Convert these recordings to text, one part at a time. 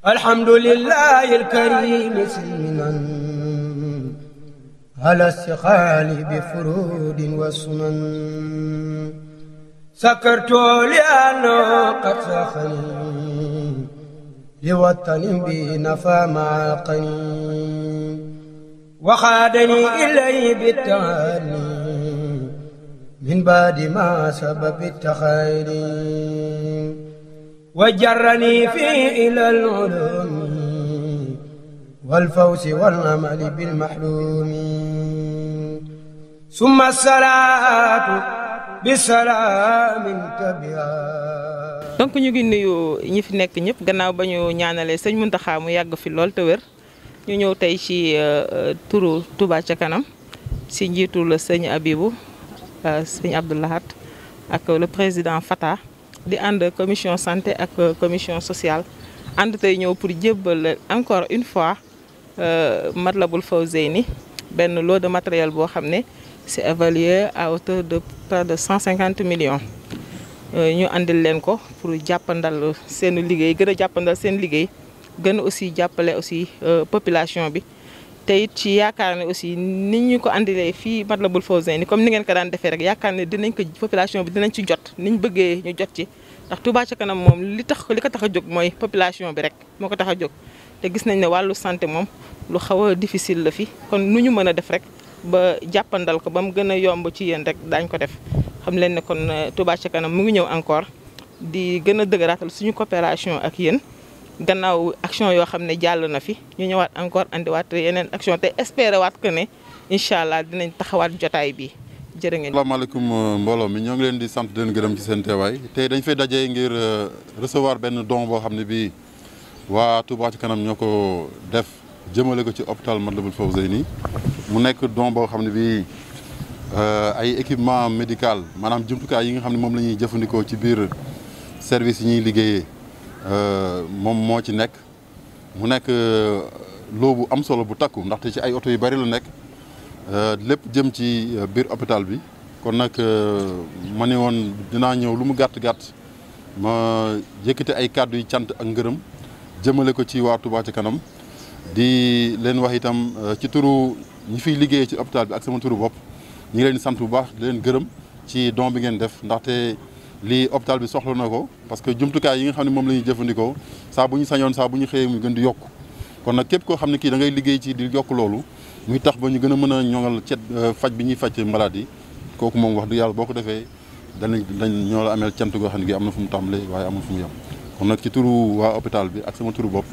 alhamdulilah alkarimi sinan ala stixaali bi furudin wa sunan sakartu liano qad saxani liwatani bi nafa maaqani waxaadani ilay bitaani min baadi ma sabab taxayri وجرني في إلى العلوم والفوز والأمل بالمحلوم ثم الصلاة بسلام تبعا donc ñu ngi nuyu ñi fi nekk ñëpp gannaaw ba ñu ñaanalee sëñ Muntaxa mu yàgg fi lool te wér ñu ñëw tey ci euh, turu Touba ca kanam si njiitu la sëñ Abibu euh, sëñ Abdoulahat ak le président Fata di ànd commission santé ak euh, commission sociale ànd tey ñëw pour jébbal encore une fois euh, Matlaboul ni benn lot de matériel boo xam ne c'est évalué à hauteur de près de million millions euh, ñu àndil leen ko pour jàppandal seen liggéey gën a jàppandal seen liggéey gën aussi jàppale aussi population bi te it ci yaakaar ne aussi ni ñu ko andilee fii Matlaboul Fawzeyni comme ni ngeen ko daan defee rek yaakaar ne dinañ ko population bi dinañ ci jot ni ñu bëggee ñu jot ci ndax Touba kanam moom li tax ko li ko tax a jóg mooy population bi rek moo ko tax a jóg te gis nañ ne wàllu santé moom lu xaw a difficile la fi kon nu ñu mën a def rek ba jàppandal ko ba mu gën a yomb ci yéen rek daañ ko def xam leen ne kon euh, Touba kanam mu ngi ñëw encore di gën a dëgëraatal suñu coopération ak yéen gannaaw action yoo xam ne jàll na fi ñu ñëwaat encore andiwaat yeneen action te espérer waat que ne incha allah dinañ taxawaat jotaay bi jër ngeen. asalaamaaleykum euh, mbooloo mi ñoo ngi leen di sant di gërëm ci seen teewaay tey dañ fay dajee ngir euh, recevoir benn don boo xam ne bii waa Touba ci kanam ñoo ko def jëmale ko ci hôpital Matlaboul nii mu nekk don boo xam ne bii euh, ay équipement médical maanaam jumtukaay yi nga xam ne moom la ñuy jëfandikoo ci biir service yi ñuy liggéeyee. Euh, moom moo ci nekk mu nekk euh, loobu am solo bu takku ndaxte ci ay oto yu bari la nekk euh, lépp jëm ci biir hôpital bi kon nag ma ne woon dinaa ñëw lu mu gàtt gàtt ma yëkkate ay kàddu yu cant ak ngërëm jëmale ko ci waa Touba ci kanam di leen wax itam ci turu ñi fiy liggéeyee ci hôpital bi ak sama turu bopp ñu ngi leen sant bu baax di leen gërëm ci don bi ngeen def ndaxte. lii hôpital bi soxla na ko parce que jumtukaay yi nga xam ne moom la ñuy jëfandikoo saa bu ñu sañoon saa bu ñu xëyee mu gën di yokku kon nag képp koo xam ne kii dangay liggéey ci di yokk loolu muy tax ba ñu gën a mën a ñoŋal cet euh, faj bi ñuy faj malade yi kooku moom wax du yàlla boo ko defee danañ dañ ñoo la ameel cant goo xam ne gi am na fu mu tàmbalee waaye amul fu mu yem kon nag ci turu waa hôpital bi ak sama turu bopp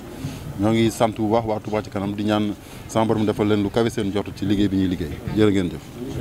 ñoo ngi sant bu baax waa Touba ci kanam di ñaan sama defal leen lu kawe seen jot ci liggéey bi ñuy liggéey jërë ngeen jëf